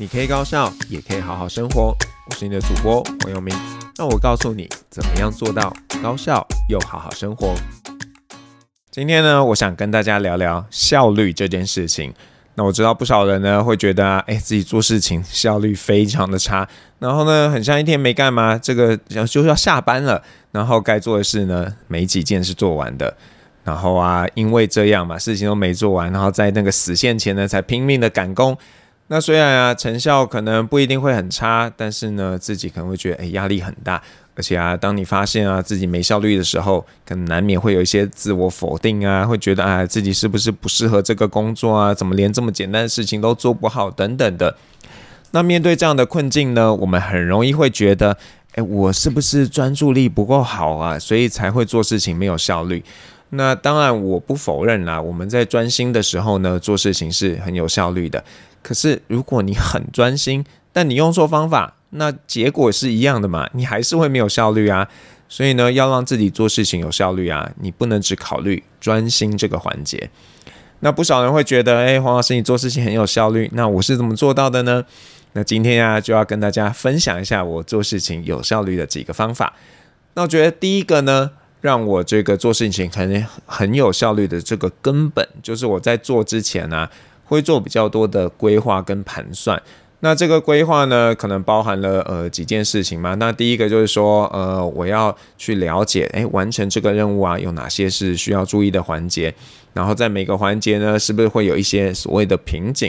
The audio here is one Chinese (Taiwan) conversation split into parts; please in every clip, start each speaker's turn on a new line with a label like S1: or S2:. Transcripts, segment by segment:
S1: 你可以高效，也可以好好生活。我是你的主播黃友明，那我告訴你怎麼樣做到高效又好好生活。今天呢，我想跟大家聊聊效率這件事情。那我知道不少人呢會覺得、啊，誒、欸，自己做事情效率非常的差，然後呢，很像一天沒幹嘛，這個要就要下班了，然後該做的事呢沒幾件是做完的，然後啊，因為這樣嘛，事情都沒做完，然後在那個死線前呢才拼命的趕工。那雖然啊，成效可能不一定會很差，但是呢，自己可能會覺得，哎，壓力很大。而且啊，當你發現啊自己沒效率的時候，可能難免會有一些自我否定啊，會覺得啊，哎，自己是不是不適合這個工作啊？怎麼連這麼簡單的事情都做不好等等的。那面對這樣的困境呢，我們很容易會覺得，哎，我是不是專注力不夠好啊？所以才會做事情沒有效率。那當然，我不否認啦、啊。我們在專心的時候呢，做事情是很有效率的。可是，如果你很專心，但你用錯方法，那結果是一樣的嘛？你還是會沒有效率啊。所以呢，要讓自己做事情有效率啊，你不能只考慮專心這個環節。那不少人會覺得，誒、欸，黃老師你做事情很有效率，那我是怎麼做到的呢？那今天呀、啊，就要跟大家分享一下我做事情有效率的幾個方法。那我覺得第一個呢，讓我這個做事情肯定很有效率的這個根本，就是我在做之前呢，會做比較多的規劃跟盤算。那這個規劃呢，可能包含了呃幾件事情嘛。那第一個就是說，呃，我要去了解，欸，完成這個任務啊，有哪些是需要注意的環節。然後在每個環節呢，是不是會有一些所謂的瓶頸？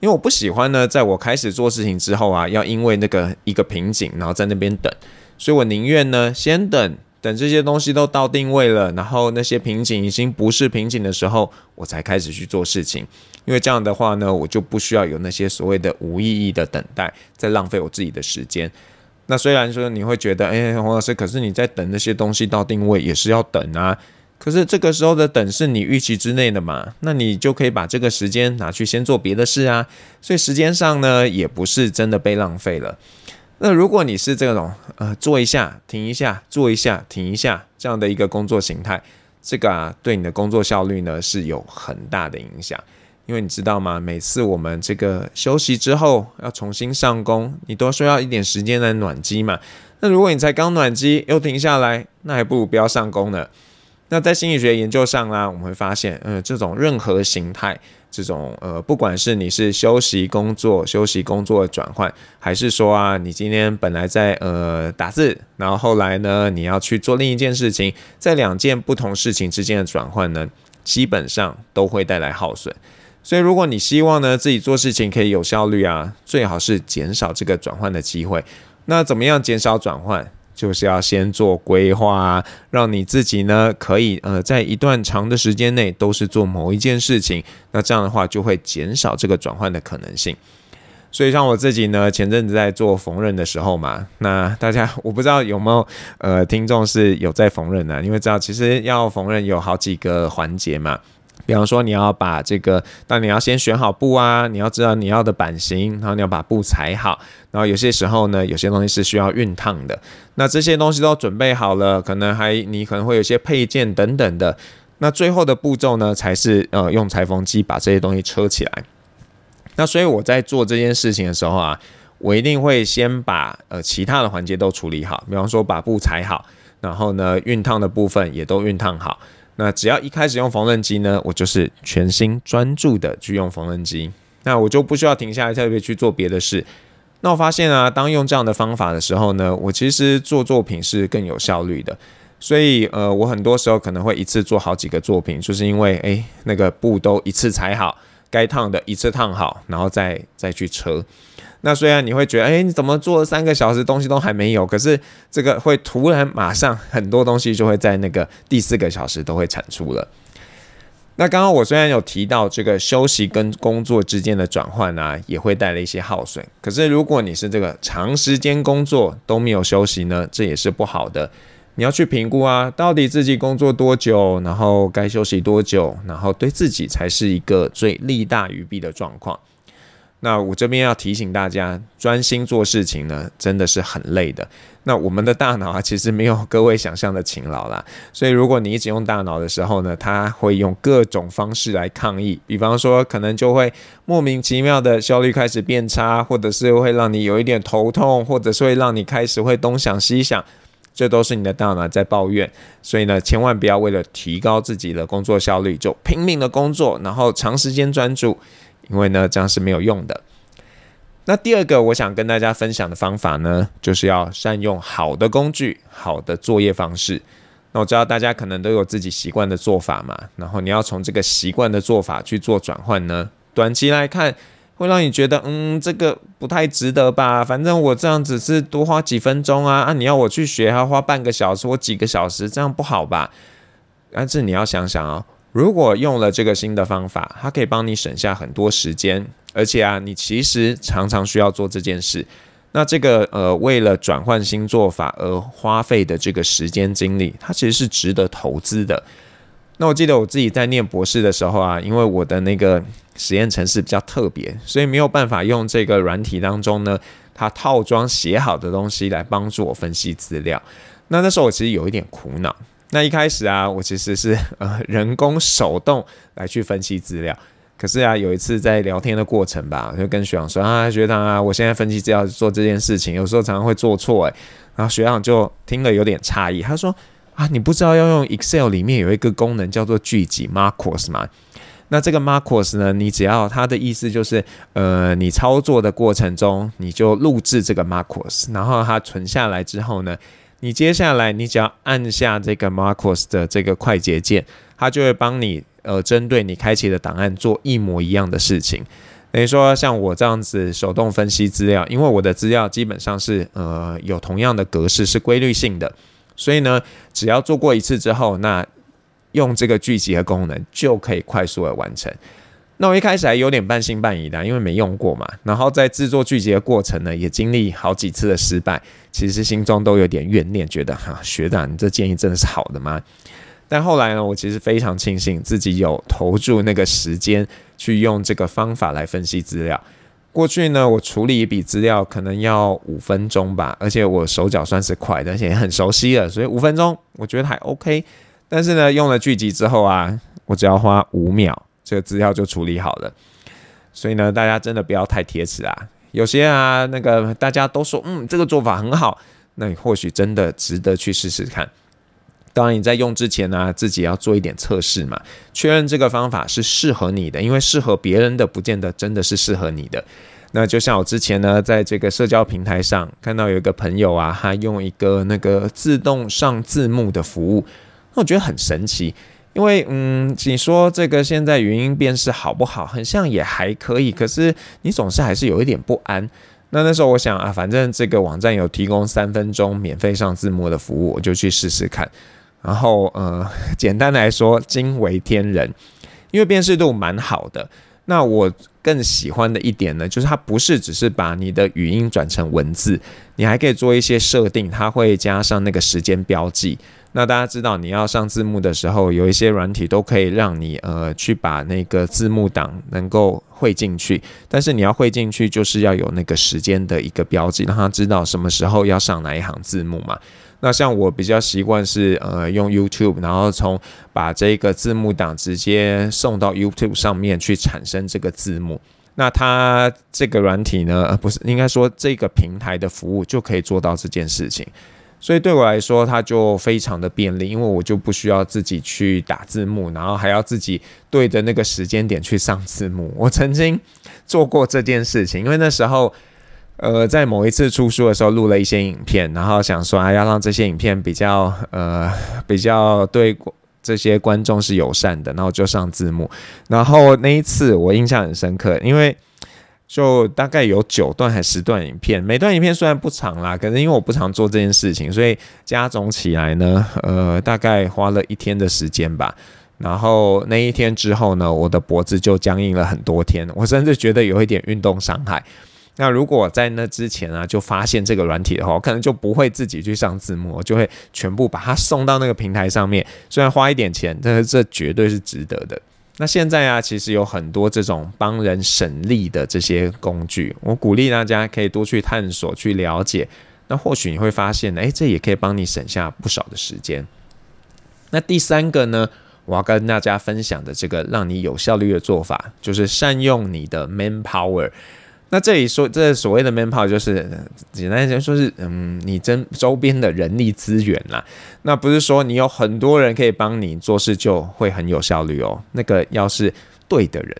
S1: 因為我不喜歡呢，在我開始做事情之後啊，要因為那個一個瓶頸，然後在那邊等。所以我寧願呢，先等。等這些東西都到定位了，然後那些瓶頸已經不是瓶頸的時候，我才開始去做事情。因為這樣的話呢，我就不需要有那些所謂的無意義的等待，在浪費我自己的時間。那雖然說你會覺得，誒、欸，黃老師，可是你在等那些東西到定位也是要等啊。可是這個時候的等是你預期之內的嘛？那你就可以把這個時間拿去先做別的事啊。所以時間上呢，也不是真的被浪費了。那如果你是這種呃做一下停一下做一下停一下這樣的一個工作形態，這個、啊、對你的工作效率呢是有很大的影響，因為你知道嗎？每次我們這個休息之後要重新上工，你都需要一點時間來暖機嘛。那如果你才剛暖機又停下來，那還不如不要上工呢。那在心理學研究上啦、啊，我們會發現，嗯、呃，這種任何形態。這種呃，不管是你是休息工作、休息工作的轉換，還是說啊，你今天本來在呃打字，然後後來呢你要去做另一件事情，在兩件不同事情之間的轉換呢，基本上都會帶來耗損。所以如果你希望呢自己做事情可以有效率啊，最好是減少這個轉換的機會。那怎麼樣減少轉換？就是要先做規劃啊，讓你自己呢可以呃在一段長的時間內都是做某一件事情，那這樣的話就會減少這個轉換的可能性。所以像我自己呢，前陣子在做縫紉的時候嘛，那大家我不知道有沒有呃聽眾是有在縫紉的，因為知道其實要縫紉有好幾個環節嘛。比方說，你要把這個，當你要先選好布啊，你要知道你要的版型，然後你要把布裁好，然後有些時候呢，有些東西是需要熨燙的。那這些東西都準備好了，可能還你可能會有些配件等等的。那最後的步驟呢，才是呃用裁縫機把這些東西車起來。那所以我在做這件事情的時候啊，我一定會先把呃其他的環節都處理好，比方說把布裁好，然後呢熨燙的部分也都熨燙好。那只要一開始用縫紉機呢，我就是全心專注的去用縫紉機，那我就不需要停下來特別去做別的事。那我發現啊，當用這樣的方法的時候呢，我其實做作品是更有效率的。所以呃，我很多時候可能會一次做好幾個作品，就是因為哎、欸，那個布都一次裁好。該燙的一次燙好，然後再再去車。那雖然你會覺得，哎、欸，你怎麼做三個小時東西都還沒有？可是這個會突然馬上很多東西就會在那個第四個小時都會產出了。那剛剛我雖然有提到這個休息跟工作之間的轉換啊，也會帶來一些耗損。可是如果你是這個長時間工作都沒有休息呢，這也是不好的。你要去評估啊，到底自己工作多久，然後該休息多久，然後對自己才是一個最利大於弊的狀況。那我這邊要提醒大家，專心做事情呢，真的是很累的。那我們的大腦啊，其實沒有各位想象的勤勞啦。所以如果你一直用大腦的時候呢，它會用各種方式來抗議，比方說可能就會莫名其妙的效率開始變差，或者是會讓你有一點頭痛，或者是會讓你開始會東想西想。這都是你的大腦在抱怨，所以呢，千萬不要為了提高自己的工作效率就拼命的工作，然後長時間專注，因為呢，這樣是沒有用的。那第二個，我想跟大家分享的方法呢，就是要善用好的工具、好的作業方式。那我知道大家可能都有自己習慣的做法嘛，然後你要從這個習慣的做法去做轉換呢，短期來看，會讓你覺得，嗯，這個不太值得吧？反正我這樣子是多花幾分鐘啊啊！你要我去學，還要花半個小時、或幾個小時，這樣不好吧？但是你要想想啊，哦，如果用了這個新的方法，它可以幫你省下很多時間，而且啊，你其實常常需要做這件事，那這個呃，為了轉換新做法而花費的這個時間精力，它其實是值得投資的。那我記得我自己在念博士的時候啊，因為我的那個。實驗程式比較特別，所以沒有辦法用這個軟體當中呢，它套裝寫好的東西來幫助我分析資料。那那時候我其實有一點苦惱。那一開始啊，我其實是呃人工手動來去分析資料。可是啊，有一次在聊天的過程吧，就跟學長說啊，學長啊，我現在分析資料做這件事情，有時候常常會做錯。誒。然後學長就聽了有點詫異，他說啊，你不知道要用 Excel 裡面有一個功能叫做巨集 Macros 嗎？那這個 macros 呢？你只要它的意思就是，呃，你操作的過程中，你就錄製這個 macros，然後它存下來之後呢，你接下來你只要按下這個 macros 的這個快捷鍵，它就會幫你，呃，針對你開啟的檔案做一模一樣的事情。等於說，像我這樣子手動分析資料，因為我的資料基本上是，呃，有同樣的格式，是規律性的，所以呢，只要做過一次之後，那用這個聚集的功能就可以快速的完成。那我一開始還有點半信半疑的，因為沒用過嘛。然後在制作聚集的過程呢，也經歷好幾次的失敗，其實心中都有點怨念，覺得哈學長，你這建議真的是好的嗎？但後來呢，我其實非常慶幸自己有投注那個時間去用這個方法來分析資料。過去呢，我處理一筆資料可能要五分鐘吧，而且我手腳算是快的，而且也很熟悉了，所以五分鐘我覺得還 OK。但是呢，用了巨集之後啊，我只要花五秒，這個資料就處理好了。所以呢，大家真的不要太鐵齒啊！有些啊，那個大家都說，嗯，這個做法很好，那你或許真的值得去試試看。當然，你在用之前呢、啊，自己要做一點測試嘛，確認這個方法是適合你的，因為適合別人的，不見得真的是適合你的。那就像我之前呢，在這個社交平台上看到有一個朋友啊，他用一個那個自動上字幕的服務。我覺得很神奇，因為嗯，你說這個現在語音辨識好不好？很像也還可以，可是你總是還是有一點不安。那那時候我想啊，反正這個網站有提供三分鐘免費上字幕的服務，我就去試試看。然後呃，簡單來說，驚為天人，因為辨識度蠻好的。那我更喜歡的一點呢，就是它不是只是把你的語音轉成文字，你還可以做一些設定，它會加上那個時間標記。那大家知道，你要上字幕的時候，有一些軟體都可以讓你呃去把那個字幕檔能夠匯進去。但是你要匯進去，就是要有那個時間的一個標記，讓他知道什麼時候要上哪一行字幕嘛。那像我比較習慣是呃用 YouTube，然後從把這個字幕檔直接送到 YouTube 上面去產生這個字幕。那它這個軟體呢，呃、不是，應該說這個平台的服務就可以做到這件事情。所以對我來說，它就非常的便利，因為我就不需要自己去打字幕，然後還要自己對着那個時間點去上字幕。我曾經做過這件事情，因為那時候，呃，在某一次出書的時候錄了一些影片，然後想說啊，要讓這些影片比較，呃，比較對這些觀眾是友善的，然後我就上字幕。然後那一次我印象很深刻，因為，就大概有九段還是十段影片，每段影片雖然不長啦，可是因為我不常做這件事情，所以加總起來呢，呃，大概花了一天的時間吧。然後那一天之後呢，我的脖子就僵硬了很多天，我甚至覺得有一點運動傷害。那如果在那之前啊，就發現這個軟體的話，我可能就不會自己去上字幕，我就會全部把它送到那個平台上面。雖然花一點錢，但是這絕對是值得的。那現在啊，其實有很多這種幫人省力的這些工具，我鼓勵大家可以多去探索，去了解。那或許你會發現，誒、欸，這也可以幫你省下不少的時間。那第三個呢，我要跟大家分享的這個讓你有效率的做法，就是善用你的 manpower。那這裡說這所謂的 manpower，就是簡單來說是，嗯，你真周邊的人力資源啦、啊。那不是說你有很多人可以幫你做事就會很有效率哦，那個要是對的人。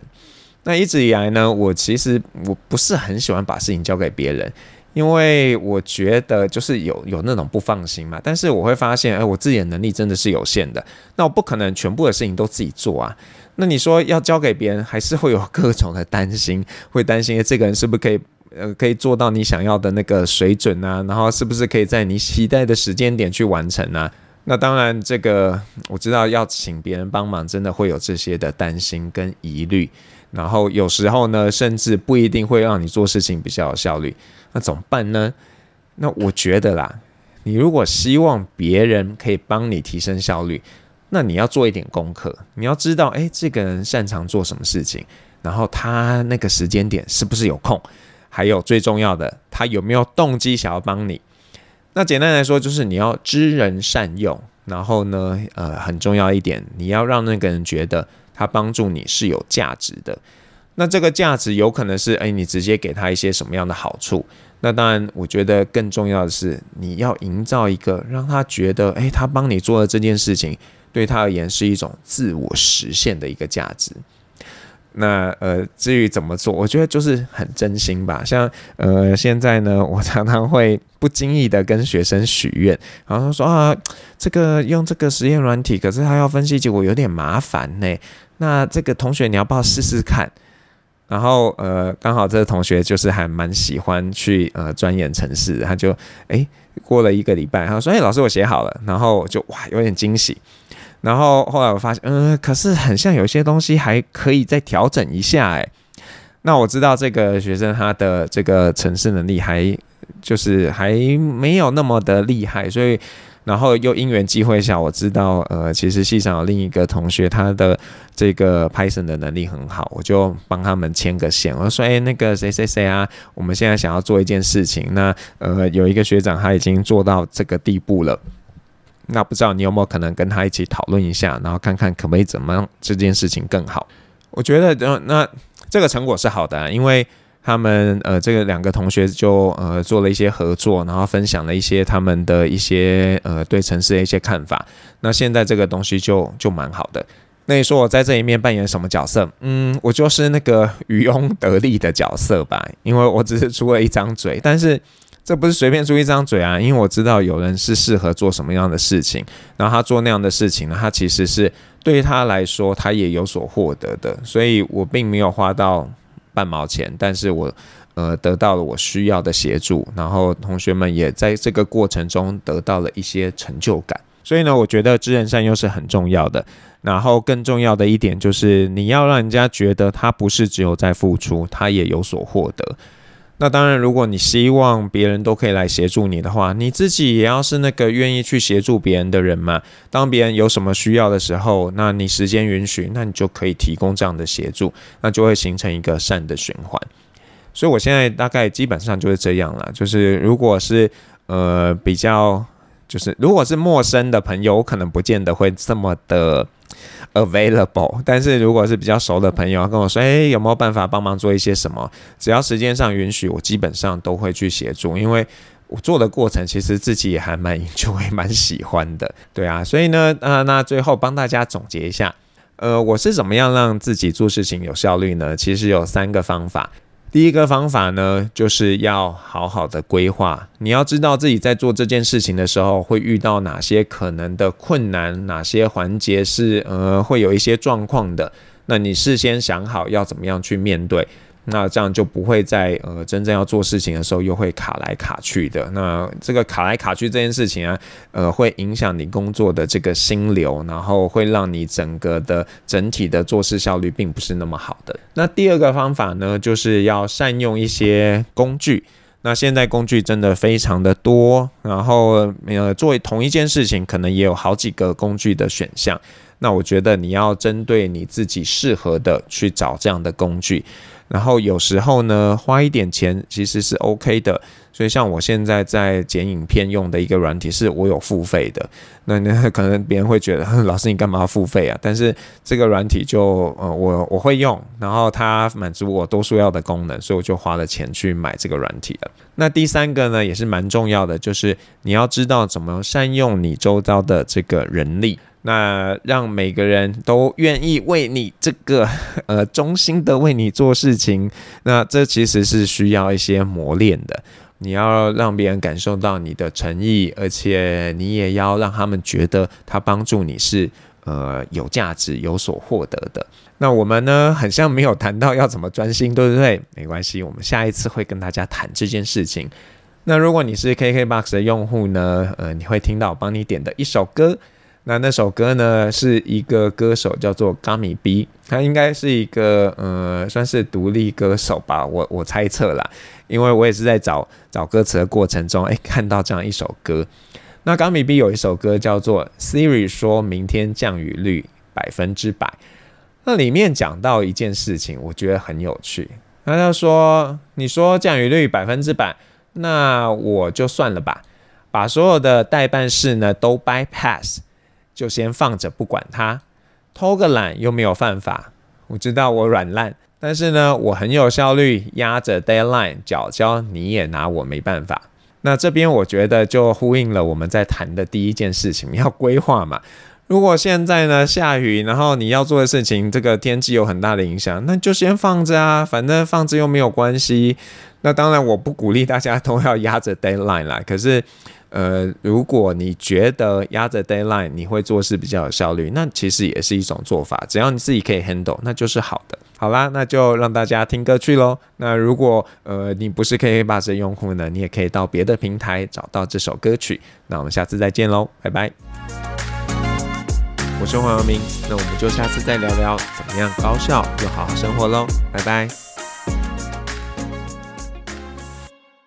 S1: 那一直以來呢，我其實我不是很喜歡把事情交給別人。因為我覺得就是有有那種不放心嘛，但是我會發現，誒，我自己的能力真的是有限的，那我不可能全部的事情都自己做啊。那你說要交給別人，還是會有各種的擔心，會擔心，誒，這個人是不是可以，呃，可以做到你想要的那個水準啊？然後是不是可以在你期待的時間點去完成啊？那當然，這個我知道要請別人幫忙，真的會有這些的擔心跟疑慮。然後有時候呢，甚至不一定會讓你做事情比較有效率，那怎麼辦呢？那我覺得啦，你如果希望別人可以幫你提升效率，那你要做一點功課，你要知道，誒，這個人擅長做什麼事情，然後他那個時間點是不是有空，還有最重要的，他有沒有動機想要幫你？那簡單來說，就是你要知人善用，然後呢，呃，很重要一點，你要讓那個人覺得。他幫助你是有價值的，那這個價值有可能是哎、欸，你直接給他一些什麼樣的好處？那當然，我覺得更重要的是，你要營造一個讓他覺得，哎、欸，他幫你做的這件事情，對他而言是一種自我實現的一個價值。那呃，至於怎麼做，我覺得就是很真心吧。像呃，現在呢，我常常會不經意地跟學生許願，然後他說啊，這個用這個實驗軟體，可是他要分析結果有點麻煩呢。那這個同學，你要不要試試看？然後呃，剛好這個同學就是還蠻喜歡去呃鑽研程式，他就哎、欸，過了一個禮拜，他說哎、欸，老師我寫好了，然後就哇，有點驚喜。然後後來我發現，嗯、呃，可是很像有些東西還可以再調整一下哎。那我知道這個學生他的這個程式能力還就是還沒有那麼的厲害，所以然後又因緣際會下，我知道呃，其實系上有另一個同學他的這個 Python 的能力很好，我就幫他們牽個線。我說，哎，那個誰誰誰啊，我們現在想要做一件事情，那呃有一個學長他已經做到這個地步了。那不知道你有沒有可能跟他一起討論一下，然後看看可不可以怎麼樣這件事情更好？我覺得，那這個成果是好的啊，因為他們，呃，這個兩個同學就，呃，做了一些合作，然後分享了一些他們的一些，呃，對城市的一些看法。那現在這個東西就就蠻好的。那你說我在這裡面扮演什麼角色？嗯，我就是那個漁翁得利的角色吧，因為我只是出了一張嘴，但是。這不是隨便出一張嘴啊，因為我知道有人是適合做什麼樣的事情，然後他做那樣的事情呢，他其實是對於他來說，他也有所獲得的，所以我並沒有花到半毛錢，但是我呃得到了我需要的協助，然後同學們也在這個過程中得到了一些成就感，所以呢，我覺得知人善用是很重要的，然後更重要的一點就是你要讓人家覺得他不是只有在付出，他也有所獲得。那當然，如果你希望別人都可以來協助你的話，你自己也要是那個願意去協助別人的人嘛。當別人有什麼需要的時候，那你時間允許，那你就可以提供這樣的協助，那就會形成一個善的循環。所以我現在大概基本上就是這樣了。就是如果是呃比較，就是如果是陌生的朋友，我可能不見得會這麼的。Available，但是如果是比較熟的朋友要跟我說，誒、欸，有沒有辦法幫忙做一些什麼？只要時間上允許，我基本上都會去協助，因為我做的過程其實自己也還蠻就會蠻喜歡的。對啊，所以呢，啊、呃，那最後幫大家總結一下，呃，我是怎麼樣讓自己做事情有效率呢？其實有三個方法。第一個方法呢，就是要好好的規劃。你要知道自己在做這件事情的時候，會遇到哪些可能的困難，哪些環節是，呃，會有一些狀況的。那你事先想好要怎麼樣去面對。那這樣就不會在，呃，真正要做事情的時候又會卡來卡去的。那這個卡來卡去這件事情啊，呃，會影響你工作的這個心流，然後會讓你整個的整體的做事效率並不是那麼好的。那第二個方法呢，就是要善用一些工具。那現在工具真的非常的多，然後呃，做同一件事情可能也有好幾個工具的選項。那我覺得你要針對你自己適合的去找這樣的工具。然後有時候呢，花一點錢其實是 OK 的。所以像我現在在剪影片用的一個軟體，是我有付費的。那那可能別人會覺得，老師你幹嘛要付費啊？但是這個軟體就呃我我會用，然後它滿足我多數要的功能，所以我就花了錢去買這個軟體了。那第三個呢，也是蠻重要的，就是你要知道怎麼善用你周遭的這個人力。那讓每個人都願意為你這個呃忠心的為你做事情，那這其實是需要一些磨練的。你要讓別人感受到你的誠意，而且你也要讓他們覺得他幫助你是呃有價值、有所獲得的。那我們呢，很像沒有談到要怎麼專心，對不對？沒關係，我們下一次會跟大家談這件事情。那如果你是 KKBOX 的用戶呢，呃，你會聽到我幫你點的一首歌。那那首歌呢，是一個歌手叫做 Gummy B，他應該是一個呃，算是獨立歌手吧，我我猜測啦，因為我也是在找找歌詞的過程中，誒、欸，看到這樣一首歌。那 Gummy B 有一首歌叫做 Siri，說明天降雨率百分之百。那裡面講到一件事情，我覺得很有趣。那他就說：“你說降雨率百分之百，那我就算了吧，把所有的待辦事呢都 Bypass。”就先放着不管它，偷個懶又沒有犯法。我知道我軟爛，但是呢，我很有效率，壓着 deadline，腳腳你也拿我沒辦法。那這邊我覺得就呼應了我們在談的第一件事情，要規劃嘛。如果現在呢，下雨，然後你要做的事情，這個天氣有很大的影響，那就先放着啊，反正放着又沒有關係。那當然我不鼓勵大家都要壓着 deadline 啦，可是，呃，如果你覺得壓着 deadline，你會做事比較有效率，那其實也是一種做法。只要你自己可以 handle，那就是好的。好啦，那就讓大家聽歌去嘍。那如果呃你不是 KKBOX 用戶呢，你也可以到別的平台找到這首歌曲。那我們下次再見嘍，拜拜。 我是黃耀明，那我們就下次再聊聊怎麼樣高效又好好生活嘍，拜拜。